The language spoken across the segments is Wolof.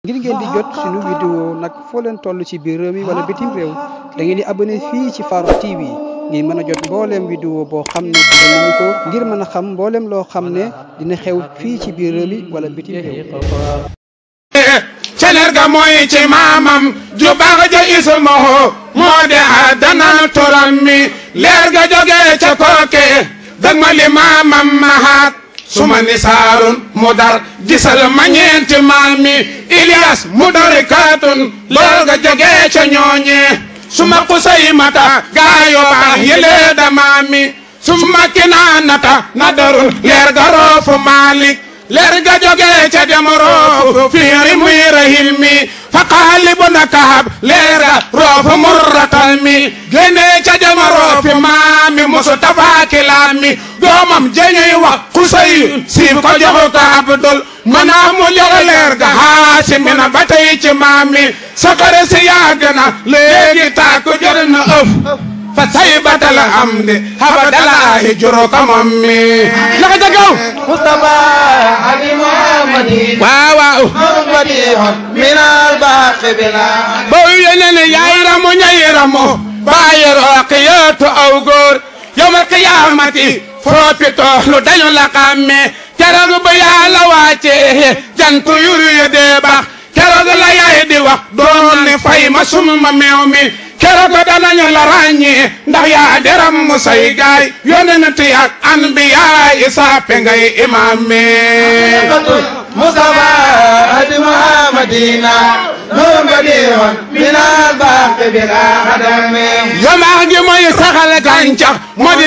ngir ngeen di jot suñu vidéo nag foo leen toll ci biir réew mi wala bitim réew da ngeen di abonné fii ci Farokh TV ngir mën a jot mbooleem vidéo boo xam ne dinañu ko ngir mën a xam mbooleem loo xam ne dina xew fii ci biir réew mi wala bitim réew celer ga mooy ci maamam ju baax ja ismaho moo de a dana turam mi leer ga jógee ca kooke dag ma li suma nisaarun mu gisal ma ñeenti maam mi Ilias mu dari kaatun lool nga jógee ca ñooñee suma gaayo baax yëlee da maam mi suma kinaanata nadarun leer garoofu Maalik leer ga jógee ca demoroof fi rimuy rahimi fa qaalibuna kahab leera roofu murratal mi génnee ca demoroofi maami mustafa kilaami doomam jeñuy wax xusay siif ko joxu ko abdul manaa mu jox leer ga haasimi na ba ci maami sakare si yàgg na léegi tàkk na ëf fa saybata am de haba dala e joro kamam mi laxa jagaw mustafa abi muhammadi waaw waaw minal baqi bila bo yenene yayramo ñayramo bayero aqiyato aw góor yawmal qiyamati foopito lu dañu la xamme keroog ba yàlla wàccee jantu yuru ye dee baax keroog la yaay di wax doon ne fay ma summa mi keroog danañu la ràññee ndax yaa deram mu say gaay yonent yi ak anbiyaa yi saape ngay imaam mi Mustafa di Muhammadina noon badiihun minal baax bi laa xadame yomaa gi mooy saxal gàncax moo di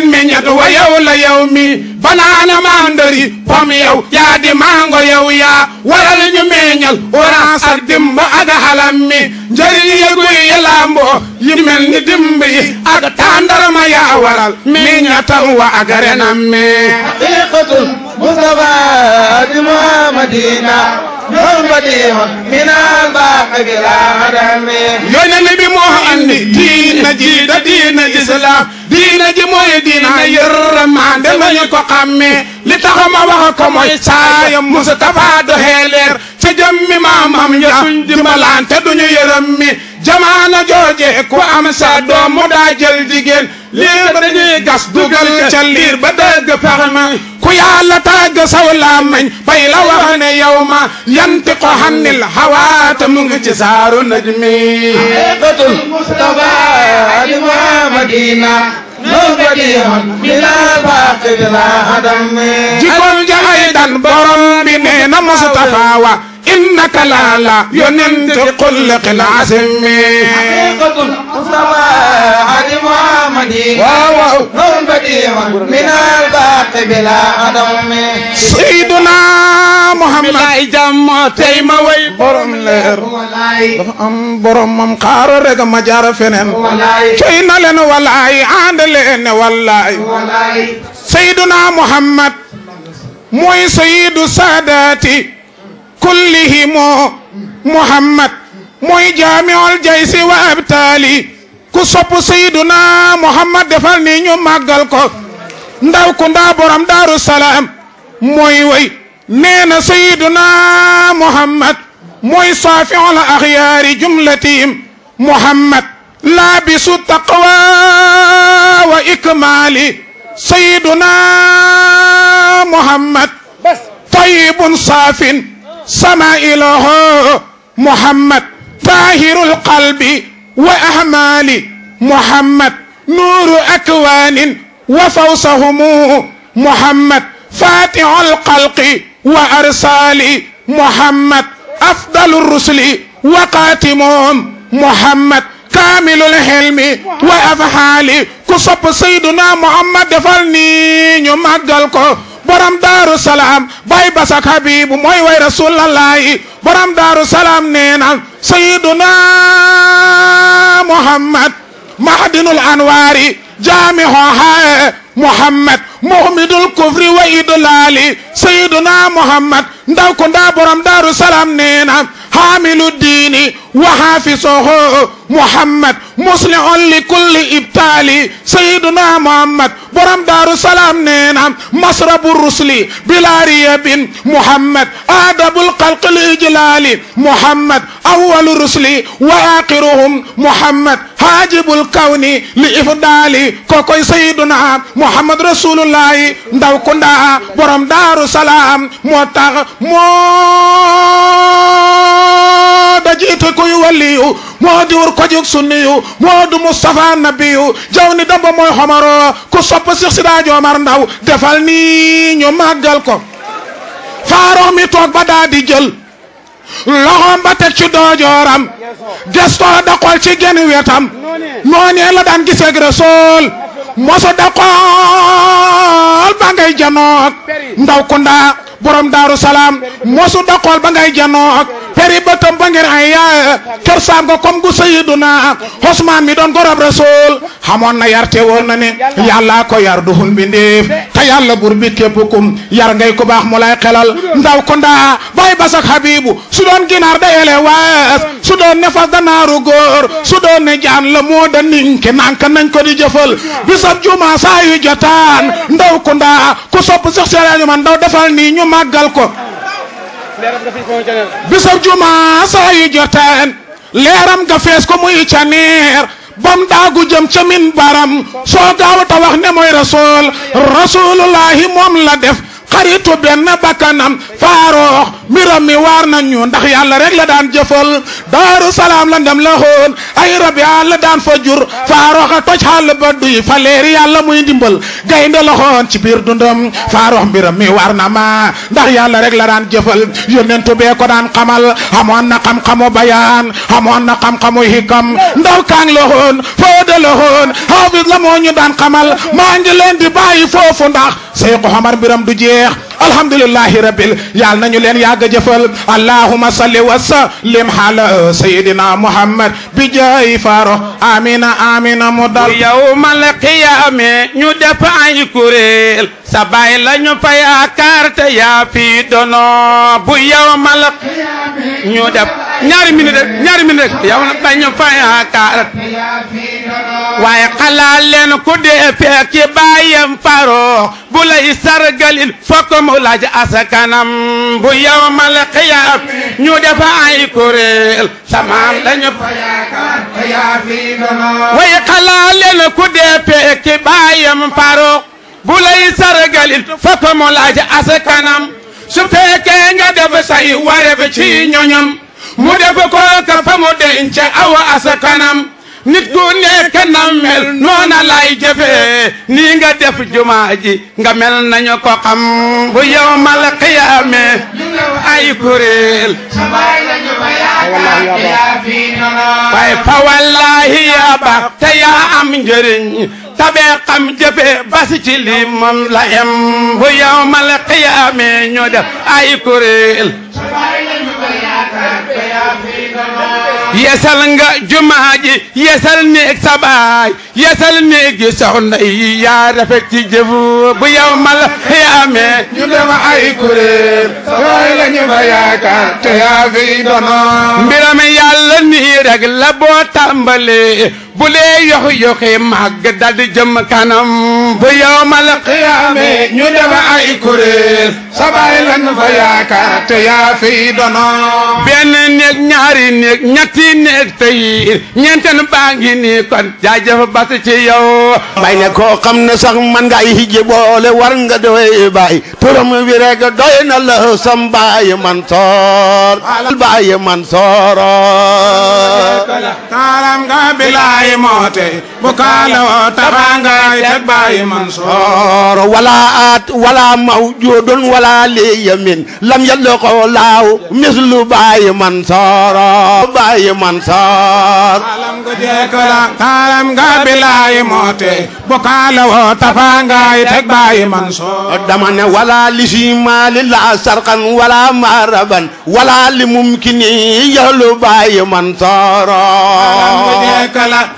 leen meññat wa yow la yow mi fanaana mandari pom yow yaa di mango yow yaa waral ñu meññal orange ak dimba ak xalam mi njëriñ yëguy ni dimb yi ak tàndarma yaa waral meññatam wa ak renam mi haqiqatul mustafa di muhammadina min al baax bila adami yonent bi moo diina jiida diina ji diina ji mooy diina yërmaan damañu ko xàmmee li tax wax ko mooy saayam Mustafa doxee leer ca jëmmi maamam ja dimbalante duñu yërëm mi jamaana jooje ku am sa doom mu daa jël jigéen gas dugal ca ba dëgg fex ma ku yàlla tàgg saw làmmiñ la wax ne yow ma yanti ko xannil xawaata mu ngi ci saaru najmi xaqiqatul Mustafa di Muhammadina jikkoon ja ay dan borom bi nee na Mustafa wa innaka laa la yonent xulqil asimi xaqiqatul mustafa ali muhammadi waaw waaw noon badiwa min al baqi bila adami sayyiduna muhammad lay jàmm tey ma way borom leer dafa am borom moom xaaro rek ma jaar feneen coy na leen walaay ànd leen walaay sayyiduna muhammad mooy sayyidu saadaati كلهم محمد موي جامع الجيس وابتالي كصب سيدنا محمد دفال ني ني ماغال كو نداو كو ندا بورام دارو موي وي نين سيدنا محمد موي صافع الاخيار جملتهم محمد لابس التقوى وإكمالي سيدنا محمد طيب صافي سما إله محمد فاهر القلب وأهمال محمد نور أكوان وفوسهم محمد فاتع القلق وأرسال محمد أفضل الرسل وقاتمهم محمد كامل الحلم وأفحال كسب سيدنا محمد فالنين يمدلكو borom daaru salaam bay basak habibu mooy way rasulallaahi borom daaru salaam neenal sayiduna muhammad mahdinul anwaari jaamiho haye muhammad muhmidul kufri wa idolaali sayiduna muhammad ndaw ko nda borom daaru salaam neenal حامل الدين وحافظه محمد مصلح لكل ابتال سيدنا محمد برم دار السلام نينا مصرب الرسل بلا رياب محمد ادب القلق الاجلال محمد اول الرسل واخرهم محمد xaajibul kawni li ifdaali kookoy sayyiduna muhammad rasulullahi ndaw ku ndaa borom daaru moo tax moo dajiite kuy waliyu moo di wur kojug sunniyu moo du mustafa nabiyu jaw ni damba mooy ku sopp si sidaa joomar ndaw defal ni ñu màggal ko faarox mi toog ba daa di jël loxoom ba ci doojooram gestoo daqol ci genn wetam noonee la daan giseeg Rasuul moso daqol ba ngay janoog ndaw ku ndaa borom daaru salaam mosu daqool ba ngay janoo ak feri bëtam ba ngir ay yaa kër saam nga comme gu sayiduna Usmaan mi doon gorob rasul xamoon na yar te woon na ne yàllaa ko yar duhul mbindéef te yàlla bur bi képp kum yar ngay ku baax mu lay xelal ndaw ko ndaa bay basak habibu su doon ginaar da ele su doon ne fas da naaru góor su doon ne jaan la moo da ninke nanka nañ ko di jëfal bisab juma saa yu jotaan ndaw ko ndaa ku sopp sax seerañu man màggal ko bisab joteen leeram nga fees ko muy caneer bam daagu jëm ca baram soo gaaw ta wax ne mooy rasul rasulullahi moom la def xaritu benn bakkanam faaroox mbiram mi waar nañu ndax yàlla rek la daan jëfal daaru salaam la ndam la xoon ay rab yàlla daan fa jur faaroxa toj xàll ba duy fa leeri yàlla muy ndimbal gaynde la xoon ci biir dundam faarox mbiram mi waar na ma ndax yàlla rek la daan jëfal yónnentu bee ko daan xamal xamoon na xam-xamu bayaan xamoon na xam-xamu hikam ndaw kaang la xoon fooda la xoon xaafis la moo daan xamal maa ngi leen di bàyyi foofu ndax say ko xamar mbiram du jeex alhamdulillahi rabbil yal nañu leen yàgg jëfal allahumma salli wa sallim ala sayyidina muhammad bi jaay faro amina amina mu dal yawmal qiyaame ñu def ay kuréel sa baay la ñu fa yaakaar te fi dono bu yawmal ñu def ñaari minute rek ñaari minute rek yow la ñu fa yaakaar waaye xalaat leen ku dee fekki bàyyam faroo bu lay sargalil fokk mu laaj asakanam bu yawmal xiyaam ñu defa ay kuréel samaam lañu fa yaakaar fa yaa fi waaye xalaat leen ku dee fekki bàyyam faroo bu lay sargalil fokk mu laaj asakanam su fekkee nga def say wareef ci ñoñam mu def ko ka fa mu denc awa asakanam nit ku nekk na mel noona lay jëfee nii nga def jumaa ji nga mel nañu ko xam bu yow mal ay kuréel waaye fa wallaahi yaa ba am njëriñ tabee xam jëfe basi ci lii moom la em bu ñu def ay kuréel yeesal nga jumaa ji yeesal néeg sa baay yeesal néeg yi soxna yi yaa rafet ci jëf bu yow mal yaamee ñu dema ay kuréel sa baay la ñu fa yaakaar te yaa fiy dono mbiram yàlla nii rek la boo tàmbalee bu lee yox yoxi màgg daldi jëm kanam bu yowmal qiyaame ñu dema ay kuréel sabay lan fa yaakaar te yaa dono benn néeg ñaari néeg ñetti néeg tey ñeenten baa ngi nii kon jaajëf bas ci yow bay ne koo xam ne sax man ngay hijji boole war nga doy baay turam wi rek doy na la sam baay Mansoor baay Mansoor taaram nga tey moo tey bu kaala woo tabaangaay teg bàyyi Mansoor wala aat wala mawjuudun wala liyamin lam yalqo laaw mislu bàyyi Mansoor bàyyi Mansoor alam nga jeekala taalam nga bilaay moo tey bu kaala woo tabaangaay teg bàyyi Mansoor dama ne wala li si maali la sarqan wala maraban wala li mumkini yahlu bàyyi Mansoor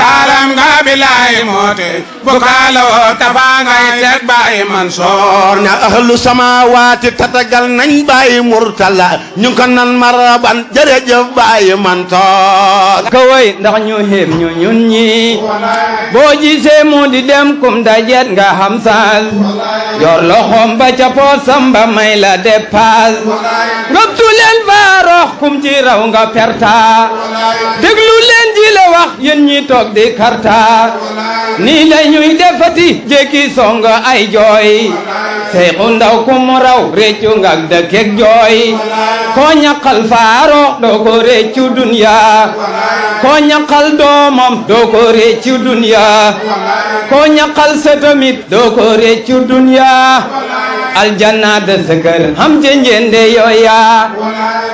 taaram nga bilaay moote bu kaaloo tafaa ngay teg bàyyi Mansoor ña ahlu samaawaati tatagal nañ bàyyi murtala ñu ko nan maraban jërëjëf bàyyi Mansoor ndax ñu xeeb ñu ñun ñi boo gisee mu di dem kum dajet may la dépasse ngëptu leen fa rox kum ci raw nga perta déglu leen ji la wax yéen ñi toog di karta nii la ñuy defati jéggi song ay jooy seyxu ndaw ku mu raw réccu ngak dëkkeek jooy koo ñaqal faaro doo ko réccu dunya koo ñaqal doomam doo ko réccu dunya koo ñaqal sëtamit doo ko réccu dunya aljanna da sa kër xam te njende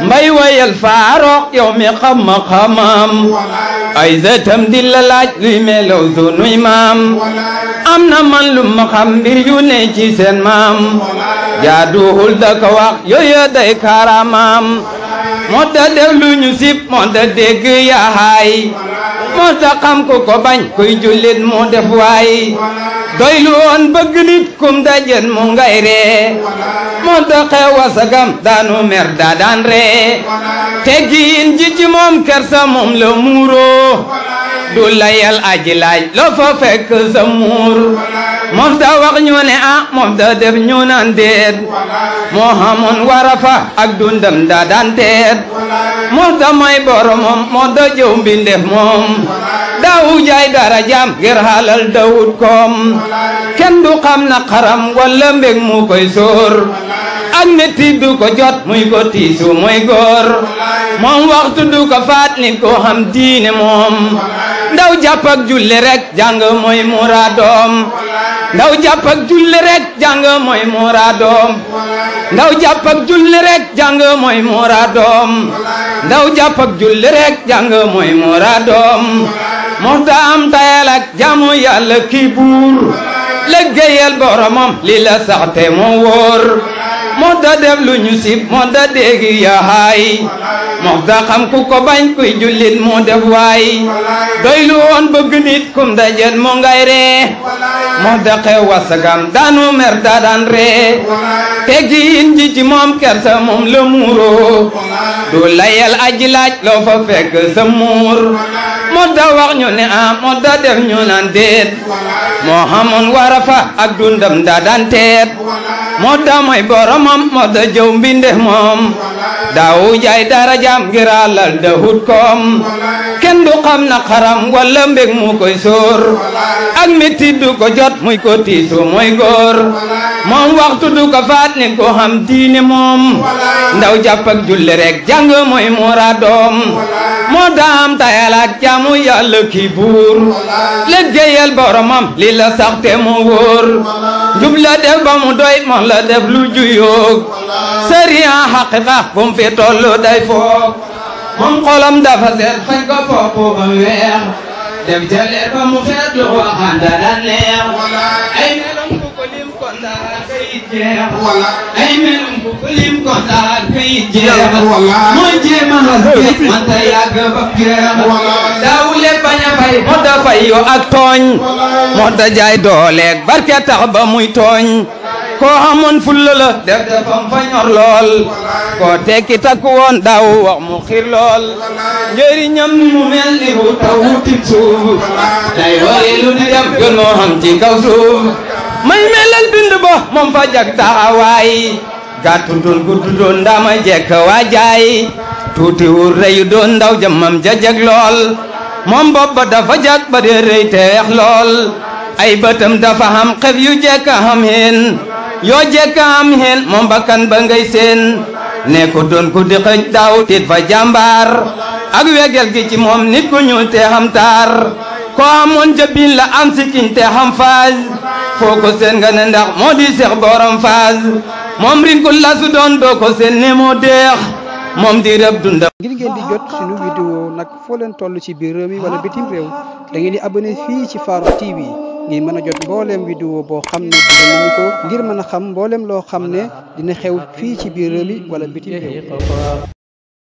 mbay wayal faarox yow mi ma xamam ay zëtam di la laaj luy melaw sunuy maam am na man lu ma xam mbir yu ne ci seen maam jaaduwul da ko yooya day karamam moo ta def lu ñu sib moo ta dégg yahaay moo ta xam ku ko bañ kuy jullit mu def waay doy lu woon kum dajeen mu ngay ree moo taxe wasagam daanu mer daa daan ree teggiin ji ci moom kersa moom la muuroo du layal aji laaj loo fekk sa muur moom daa wax ñu ne ah moom def ñu naan déet moo xamoon warafa moom moo daa jëw mbindeef moom daawu jaay darajaam ngir xaalal dawut koom kenn du xam na xaram walla mbég mu koy sóor ak metti du ko jot muy ko tiisu muy góor moom waxtu du ko faat nit ko diine moom ndaw jàpp ak julli rek muy muraadoom ndaw jàpp ak julli rek jàng mooy muraadoom ndaw jàpp ak julli rek jàng mooy ndaw jàpp ak julli rek jàng mooy muraadoom am tayal ak jaamu yàlla buur liggéeyal boromam li sax te moo wóor moo da def lu ñu moo da dégg yaay moo da ku ko bañ kuy jullit moo def waay doy lu bëgg nit kum dajet moo ngay moo da xew wasagam daanu mer da daan ree teg ji moom kersa moom la muuroo du layal aji laaj loo fa fekk muur moo da wax ñu ne ah, moo da def ñu naan moo xamoon wara fa ak dundam da daan moo daa mooy boromam moo da jëw mbindeef moom daawu jaay darajaam ngir da hut kenn du xam na xaram wala mbég mu koy sóor ak métti du ko jot muy ko tiisu mooy moom waxtu du ko faat ko xam diine moom ndaw jàpp ak julli rek jàng mooy moo daam tayal ak jaamu yàlla ki buur liggéeyal boromam li la sax te mu wóor ba mu doy moom la def lu juyoog sëriya xaqiqa bu mu fi tollu day foog moom xolam dafa seet fañ ko foofu ba weex def jëlee ba mu xeet lu waxaan dana neex kayit jeex wala ay melum bu filim moo jéem a xas géej manta yàgg ba jeex wala daawule bañ a fay moo da fay yo ak tooñ moo da jaay dooleeg barke tax ba muy tooñ koo xamoon fulla la def defam fa lool koo tekki takku woon daaw wax mu xiir lool njëriñam mu mel ni bu taw tib suuf day wari lu ne dem gënoo xam ci kaw suuf may melal bind ba moom fa jag taxawaay gàttu doon gudd doon ndama jekk waajaay tuuti wul rëy doon ndaw jëmmam ja jeg lool moom bopp ba dafa jag ba dee rëy te weex lool ay bëtam dafa xam xef yu jekk xam heen yoo jekk xam heen moom bakkan ba ngay seen ne ko doon ku di xëj daw tiit fa jàmbaar ak wegel gi ci nit ku ñuul te xam taar ko amoon jëbin la am sikkiñ te xam faas foo ko seen nga ne ndax moo di seex borom faas moom rin ko lasu doon doo ko seen ne moo deex moom di rëb dunda ngir ngeen di jot suñu vidéo nag foo leen toll ci biir réew mi wala bitim réew da di abonné fii ci Farokh TV ngir mën a jot mbooleem vidéo boo xam ne dinañu ko ngir mën a xam mbooleem loo xam ne dina xew fii ci biir réew yi wala bitim réew